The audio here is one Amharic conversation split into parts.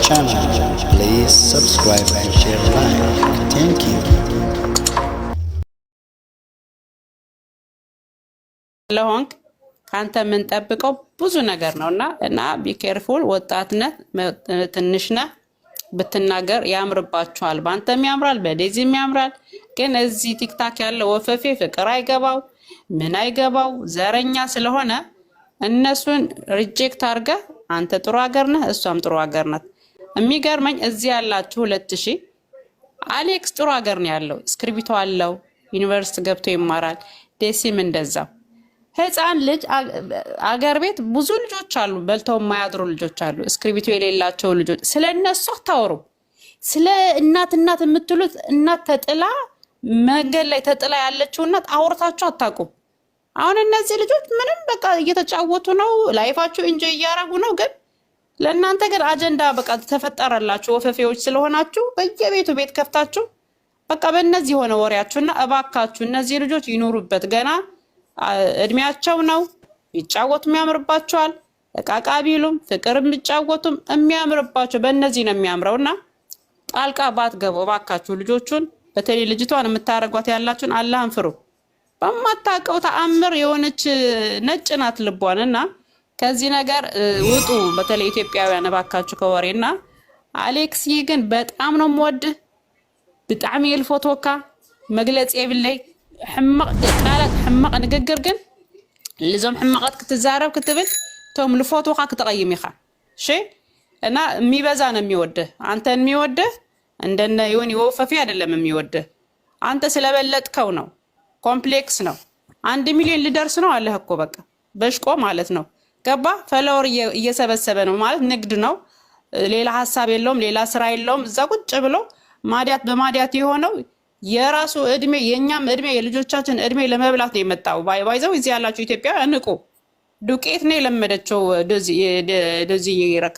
channel. Please subscribe and share like. Thank you. ለሆንክ ካንተ የምንጠብቀው ብዙ ነገር ነው እና እና ቢኬርፉል ወጣትነት ትንሽ ነህ ብትናገር ያምርባችኋል። በአንተም ያምራል፣ በዴዚም ያምራል። ግን እዚህ ቲክታክ ያለው ወፈፌ ፍቅር አይገባው ምን አይገባው ዘረኛ ስለሆነ እነሱን ሪጀክት አድርገህ አንተ ጥሩ ሀገር ነህ፣ እሷም ጥሩ ሀገር ናት። የሚገርመኝ እዚህ ያላችሁ ሁለት ሺህ አሌክስ ጥሩ ሀገር ነው ያለው። እስክሪቢቶ አለው፣ ዩኒቨርሲቲ ገብቶ ይማራል። ደሴም እንደዛው ህፃን ልጅ አገር ቤት ብዙ ልጆች አሉ፣ በልተው የማያድሩ ልጆች አሉ፣ እስክሪቢቶ የሌላቸው ልጆች። ስለ እነሱ አታወሩም። ስለ እናት እናት የምትሉት እናት ተጥላ መንገድ ላይ ተጥላ ያለችው እናት አውርታችሁ አታውቁም። አሁን እነዚህ ልጆች ምንም በቃ እየተጫወቱ ነው፣ ላይፋቸው እንጂ እያረጉ ነው ግን ለእናንተ ግን አጀንዳ በቃ ተፈጠረላችሁ። ወፈፌዎች ስለሆናችሁ በየቤቱ ቤት ከፍታችሁ በቃ በእነዚህ የሆነ ወሬያችሁና እባካችሁ እነዚህ ልጆች ይኖሩበት ገና እድሜያቸው ነው። ይጫወቱ የሚያምርባቸዋል። እቃቃ ቢሉም ፍቅር የሚጫወቱም የሚያምርባቸው በእነዚህ ነው የሚያምረው እና ጣልቃ ባትገቡ እባካችሁ ልጆቹን በተለይ ልጅቷን የምታደርጓት ያላችሁን አላህን ፍሩ። በማታውቀው ተአምር የሆነች ነጭ ናት ልቧን እና ከዚህ ነገር ውጡ። በተለይ ኢትዮጵያውያን እባካችሁ ከወሬና አሌክሲ ግን በጣም ነው የምወድ ብጣዕሚ የልፎቶካ መግለፂ የብለይ ሕማቅ ቃላት ሕማቅ ንግግር ግን ልዞም ሕማቀት ክትዛረብ ክትብል እቶም ልፎቶካ ክትቀይም ኢኻ እሺ። እና የሚበዛ ነው የሚወድህ አንተ የሚወድህ እንደነ ይሁን ይወፈፊ አይደለም የሚወድህ አንተ ስለበለጥከው ነው። ኮምፕሌክስ ነው። አንድ ሚሊዮን ልደርስ ነው አለህ እኮ በቃ በሽቆ ማለት ነው። ገባ ፈለወር እየሰበሰበ ነው ማለት ንግድ ነው። ሌላ ሀሳብ የለውም፣ ሌላ ስራ የለውም። እዛ ቁጭ ብሎ ማዲያት በማዲያት የሆነው የራሱ እድሜ የእኛም እድሜ የልጆቻችን እድሜ ለመብላት ነው የመጣው። ባይዘው እዚህ ያላችሁ ኢትዮጵያ እንቁ ዱቄት ነው የለመደችው።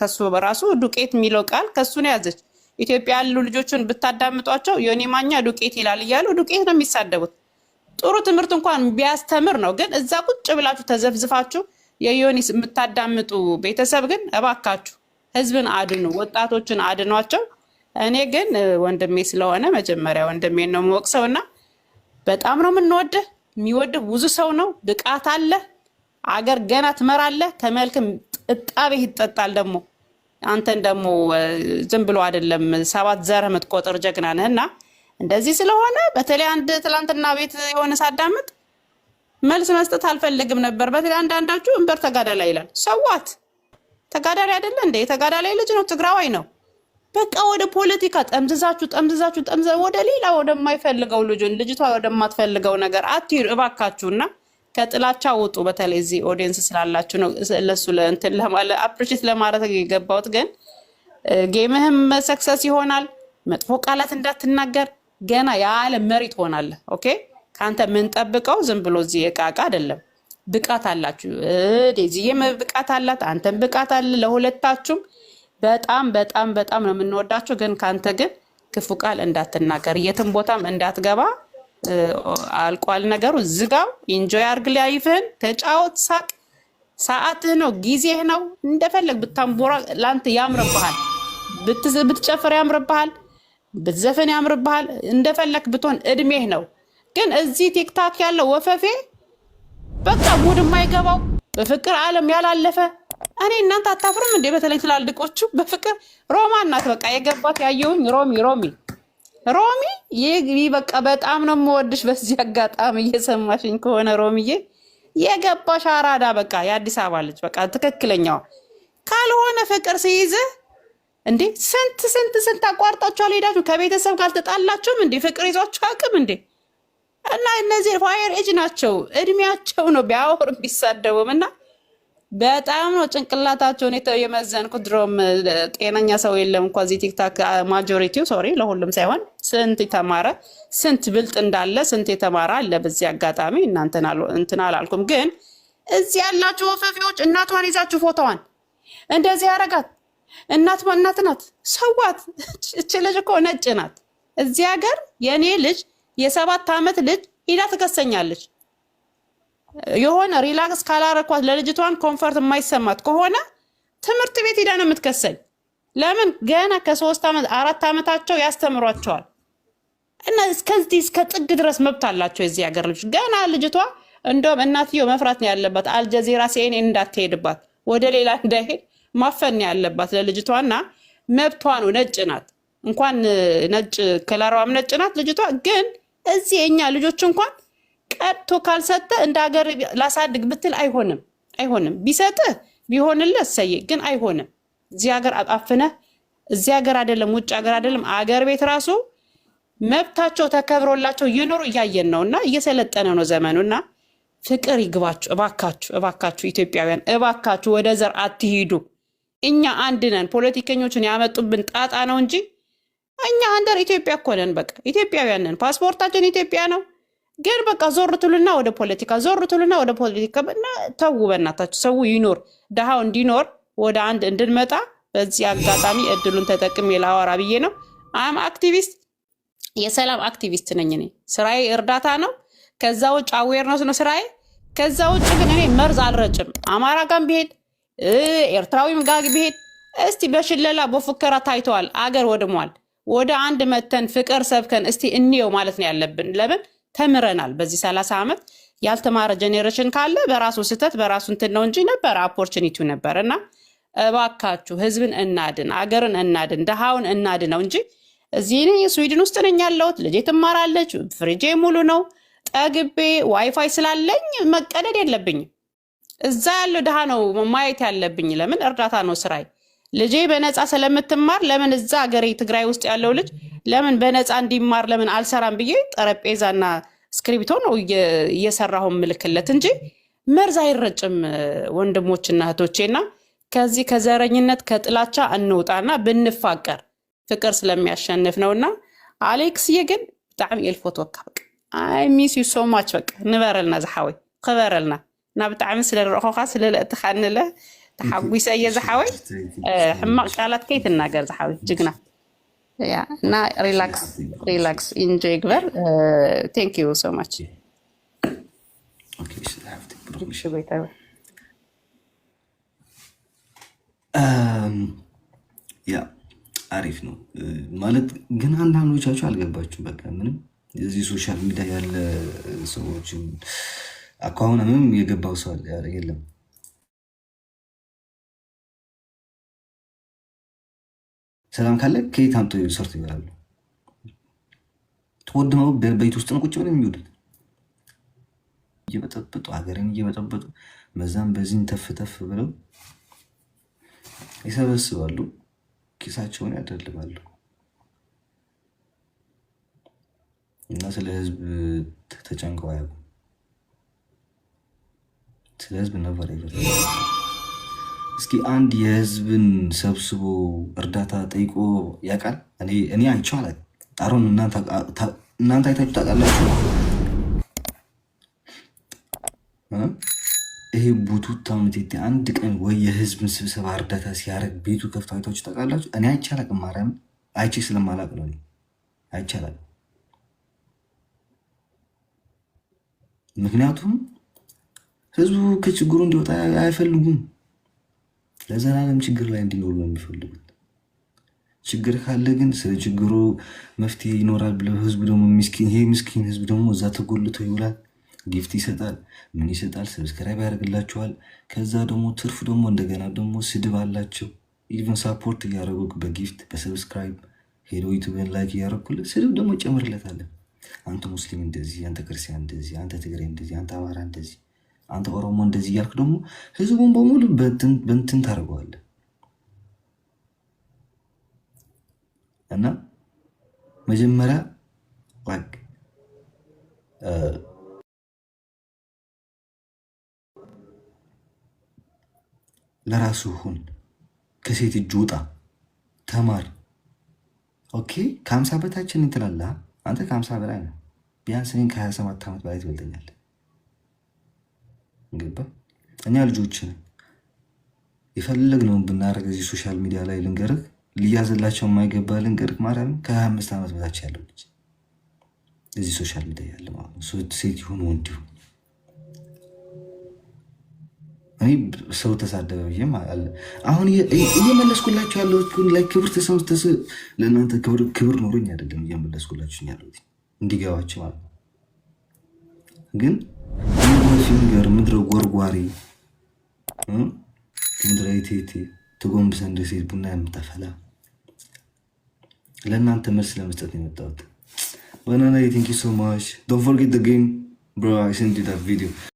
ከሱ ራሱ ዱቄት የሚለው ቃል ከሱ ነው ያዘች። ኢትዮጵያ ያሉ ልጆችን ብታዳምጧቸው የኔ ማኛ ዱቄት ይላል እያሉ ዱቄት ነው የሚሳደቡት። ጥሩ ትምህርት እንኳን ቢያስተምር ነው ግን እዛ ቁጭ ብላችሁ ተዘፍዝፋችሁ የዮኒስ የምታዳምጡ ቤተሰብ ግን እባካችሁ ህዝብን አድኑ፣ ወጣቶችን አድኗቸው። እኔ ግን ወንድሜ ስለሆነ መጀመሪያ ወንድሜ ነው የምወቅሰው እና በጣም ነው የምንወድህ። የሚወድህ ብዙ ሰው ነው፣ ብቃት አለ፣ አገር ገና ትመራለህ። ከመልክም እጣቤህ ይጠጣል። ደግሞ አንተን ደግሞ ዝም ብሎ አይደለም ሰባት ዘር የምትቆጥር ጀግና ነህ እና እንደዚህ ስለሆነ በተለይ አንድ ትላንትና ቤት የሆነ ሳዳምጥ መልስ መስጠት አልፈልግም ነበር። በተለይ አንዳንዳችሁ እንበር ተጋዳላይ ይላል። ሰዋት ተጋዳሪ አይደለ እንደ የተጋዳላይ ልጅ ነው፣ ትግራዋይ ነው። በቃ ወደ ፖለቲካ ጠምዝዛችሁ ጠምዝዛችሁ ጠምዘ ወደ ሌላ ወደማይፈልገው ልጁን ልጅቷ ወደማትፈልገው ነገር አትሂዱ እባካችሁ። እና ከጥላቻ ውጡ። በተለይ እዚህ ኦዲየንስ ስላላችሁ ነው ለሱ ለእንትን አፕሪሼት ለማድረግ የገባሁት። ግን ጌምህም ሰክሰስ ይሆናል። መጥፎ ቃላት እንዳትናገር ገና የዓለም መሪ ትሆናለህ። ኦኬ ከአንተ የምንጠብቀው ዝም ብሎ እዚህ የቃቃ አይደለም። ብቃት አላችሁ፣ ዴዚዬም ብቃት አላት፣ አንተም ብቃት አለ። ለሁለታችሁም በጣም በጣም በጣም ነው የምንወዳችሁ። ግን ከአንተ ግን ክፉ ቃል እንዳትናገር፣ የትም ቦታም እንዳትገባ። አልቋል ነገሩ፣ ዝጋው። ኢንጆይ አርግ፣ ላይፍህን ተጫወት፣ ሳቅ። ሰዓትህ ነው፣ ጊዜህ ነው። እንደፈለግ ብታምቦራ ለአንተ ያምርብሃል፣ ብትጨፍር ያምርብሃል፣ ብትዘፍን ያምርብሃል። እንደፈለግ ብትሆን እድሜህ ነው። ግን እዚህ ቲክታክ ያለው ወፈፌ በቃ ሙድ የማይገባው በፍቅር አለም ያላለፈ እኔ እናንተ አታፍርም እንዴ? በተለይ ትላልቆቹ በፍቅር ሮማ እናት በቃ የገባት ያየውኝ ሮሚ ሮሚ ሮሚ ይህ በቃ በጣም ነው የምወድሽ። በዚህ አጋጣሚ እየሰማሽኝ ከሆነ ሮሚዬ የገባሽ አራዳ በቃ የአዲስ አበባ ልጅ በቃ ትክክለኛዋ ካልሆነ ፍቅር ሲይዝ እንዴ ስንት ስንት ስንት አቋርጣችሁ ሄዳችሁ ከቤተሰብ ጋር አልተጣላችሁም እንዴ? ፍቅር ይዟችሁ አቅም እንዴ? እና እነዚህ ፋየር ኤጅ ናቸው። እድሜያቸው ነው ቢያወር ቢሳደቡም እና በጣም ነው ጭንቅላታቸውን የመዘንኩ ድሮም ጤነኛ ሰው የለም እንኳ እዚህ ቲክታክ ማጆሪቲው ሶሪ፣ ለሁሉም ሳይሆን ስንት የተማረ ስንት ብልጥ እንዳለ ስንት የተማረ አለ። በዚህ አጋጣሚ እናንተን እንትን አላልኩም፣ ግን እዚህ ያላችሁ ወፈፊዎች እናቷን ይዛችሁ ፎቶዋን እንደዚህ ያረጋት እናት እናት ናት፣ ሰዋት። እች ልጅ እኮ ነጭ ናት። እዚህ ሀገር የእኔ ልጅ የሰባት ዓመት ልጅ ሂዳ ትከሰኛለች። የሆነ ሪላክስ ካላረኳት ለልጅቷን ኮንፈርት የማይሰማት ከሆነ ትምህርት ቤት ሂዳ ነው የምትከሰኝ። ለምን ገና ከሶስት ዓመት አራት ዓመታቸው ያስተምሯቸዋል እና እስከዚህ እስከ ጥግ ድረስ መብት አላቸው የዚህ ሀገር ልጆች። ገና ልጅቷ እንደውም እናትየ መፍራት ነው ያለባት፣ አልጀዚራ ሲኤንኤን እንዳትሄድባት ወደ ሌላ እንዳይሄድ ማፈን ያለባት ለልጅቷና መብቷ ነው። ነጭ ናት፣ እንኳን ነጭ ከለሯም ነጭ ናት ልጅቷ ግን እዚህ የኛ ልጆች እንኳን ቀጥቶ ካልሰጠ እንደ ሀገር ላሳድግ ብትል አይሆንም፣ አይሆንም። ቢሰጥህ ቢሆንልህ እሰይ፣ ግን አይሆንም። እዚህ ሀገር አጣፍነህ እዚህ ሀገር አይደለም ውጭ ሀገር አይደለም አገር ቤት ራሱ መብታቸው ተከብሮላቸው እየኖሩ እያየን ነው። እና እየሰለጠነ ነው ዘመኑ። እና ፍቅር ይግባችሁ እባካችሁ፣ እባካችሁ ኢትዮጵያውያን እባካችሁ፣ ወደ ዘር አትሂዱ። እኛ አንድ ነን። ፖለቲከኞችን ያመጡብን ጣጣ ነው እንጂ እኛ አንደር ኢትዮጵያ እኮ ነን። በቃ ኢትዮጵያውያን ነን። ፓስፖርታችን ኢትዮጵያ ነው። ግን በቃ ዞር ትሉና ወደ ፖለቲካ፣ ዞር ትሉና ወደ ፖለቲካ። ተዉ፣ በእናታችሁ፣ ሰው ይኖር፣ ድሃው እንዲኖር፣ ወደ አንድ እንድንመጣ በዚህ አጋጣሚ እድሉን ተጠቅሜ ላወራ ብዬ ነው። አም አክቲቪስት፣ የሰላም አክቲቪስት ነኝ እኔ። ስራዬ እርዳታ ነው። ከዛ ውጭ አዌርነስ ነው ስራዬ። ከዛ ውጭ ግን እኔ መርዝ አልረጭም። አማራ ጋም ቢሄድ ኤርትራዊም ጋር ቢሄድ እስቲ በሽለላ በፉከራ ታይተዋል፣ አገር ወድሟል። ወደ አንድ መተን ፍቅር ሰብከን እስቲ እንየው ማለት ነው ያለብን። ለምን ተምረናል። በዚህ ሰላሳ ዓመት ያልተማረ ጄኔሬሽን ካለ በራሱ ስህተት በራሱ እንትን ነው እንጂ ነበር ኦፖርቹኒቲው ነበር። እና እባካችሁ ህዝብን እናድን፣ አገርን እናድን፣ ድሃውን እናድን ነው እንጂ እዚህ ስዊድን ውስጥ ነኝ ያለሁት። ልጄ ትማራለች፣ ፍሪጄ ሙሉ ነው። ጠግቤ ዋይፋይ ስላለኝ መቀደድ የለብኝም። እዛ ያለው ድሃ ነው ማየት ያለብኝ። ለምን እርዳታ ነው ስራዬ። ልጄ በነፃ ስለምትማር ለምን እዛ ሀገሬ ትግራይ ውስጥ ያለው ልጅ ለምን በነፃ እንዲማር ለምን አልሰራም ብዬ ጠረጴዛና እስክሪብቶ ነው እየሰራሁን ምልክለት እንጂ መርዝ አይረጭም። ወንድሞችና እህቶቼና ከዚህ ከዘረኝነት ከጥላቻ እንውጣና ብንፋቀር ፍቅር ስለሚያሸንፍ ነው። ነውና፣ አሌክስዬ ግን ብጣዕሚ ኤልፎት ወካ በቃ አይ ሚስ ዩ ሶ ማች በቃ ንበረልና ዝሓወይ ክበረልና እና ብጣዕሚ ስለንረእኮካ ስለለእትካ ንለ ተሓጒሰ እየ ዝሓወይ ሕማቅ ቃላት ከይትናገር ዝሓወ ጅግና ያ እና ሪላክስ ሪላክስ ኢንጆይ ግበር ቴንክ ዩ ሶ ማች ያ አሪፍ ነው ማለት ግን አንዳንዶቻችሁ አልገባችሁም። በቃ ምንም እዚህ ሶሻል ሚዲያ ያለ ሰዎችን አኳሁን ምንም የገባው ሰው የለም። ሰላም ካለ ከየት አምጦ ሰርቶ ይበላሉ? ተወድመው በቤት ውስጥ ነው ቁጭ ብለው የሚውሉት። እየበጠበጡ ሀገርን እየበጠበጡ በዛም በዚህም ተፍ ተፍ ብለው ይሰበስባሉ፣ ኪሳቸውን ያደልባሉ። እና ስለ ህዝብ ተጨንቀው አያውቁም። ስለ ህዝብ ነበር እስኪ አንድ የህዝብን ሰብስቦ እርዳታ ጠይቆ ያውቃል? እኔ አይቼው አላውቅም። አሮን እናንተ አይታችሁ ታውቃላችሁ? ይሄ ቡቱታ ምቴቴ አንድ ቀን ወይ የህዝብን ስብሰባ እርዳታ ሲያደርግ ቤቱ ከፍቶ አይታችሁ ታውቃላችሁ? እኔ አይቼ አላውቅም። ማርያም አይቼ ስለማላውቅ ነው። አይቼ አላውቅም። ምክንያቱም ህዝቡ ከችግሩ እንዲወጣ አይፈልጉም። ለዘላለም ችግር ላይ እንዲኖሩ ነው የሚፈልጉት። ችግር ካለ ግን ስለ ችግሩ መፍትሄ ይኖራል ብለው ህዝቡ ደግሞ ምስኪን ይሄ ምስኪን ህዝብ ደግሞ እዛ ተጎልቶ ይውላል። ጊፍት ይሰጣል፣ ምን ይሰጣል፣ ሰብስክራይብ ያደርግላቸዋል። ከዛ ደግሞ ትርፍ ደግሞ እንደገና ደግሞ ስድብ አላቸው። ኢቨን ሳፖርት እያደረጉ በጊፍት በሰብስክራይብ ሄዶ ዩቱብን ላይክ እያደረግኩል ስድብ ደግሞ ይጨምርለታለን። አንተ ሙስሊም እንደዚህ፣ አንተ ክርስቲያን እንደዚህ፣ አንተ ትግሬ እንደዚህ፣ አንተ አማራ እንደዚህ አንተ ኦሮሞ እንደዚህ እያልክ ደግሞ ህዝቡን በሙሉ በንትን ታደርገዋለህ እና መጀመሪያ ለራሱ ሁን፣ ከሴት እጅ ውጣ፣ ተማር። ኦኬ ከሀምሳ በታችን እንትላላ አንተ ከአምሳ በላይ ነው። ቢያንስ እኔን ከሀያ ሰባት ዓመት በላይ ትበልጠኛለህ። ገባ። እኛ ልጆችን የፈለግነውን ብናደርግ እዚህ ሶሻል ሚዲያ ላይ ልንገርህ ሊያዝላቸው የማይገባ ልንገርህ ማርያም ከሀያ አምስት ዓመት በታች ያለው ልጅ እዚህ ሶሻል ሚዲያ ያለ ማለት ሴት ይሁን ወንድ ይሁን እኔ ሰው ተሳደበ ብዬም አለ አሁን እየመለስኩላቸው ያለው ላይ ክብር ተሰው ለእናንተ ክብር ኖሮኝ አይደለም እየመለስኩላቸው ያለት እንዲገባቸው ማለት ግን ፊንገር ምድረ ጎርጓሪ ምድረ ቴቴ ትጎንብሰ እንደ ሴት ቡና የምታፈላ ለእናንተ መልስ ለመስጠት ነው የመጣሁት። በናና ቴንኪ ሶ ማች ዶንት ፎርጌት ጌም ብሮ አይ ሴንድ ዩ ዳት ቪዲዮ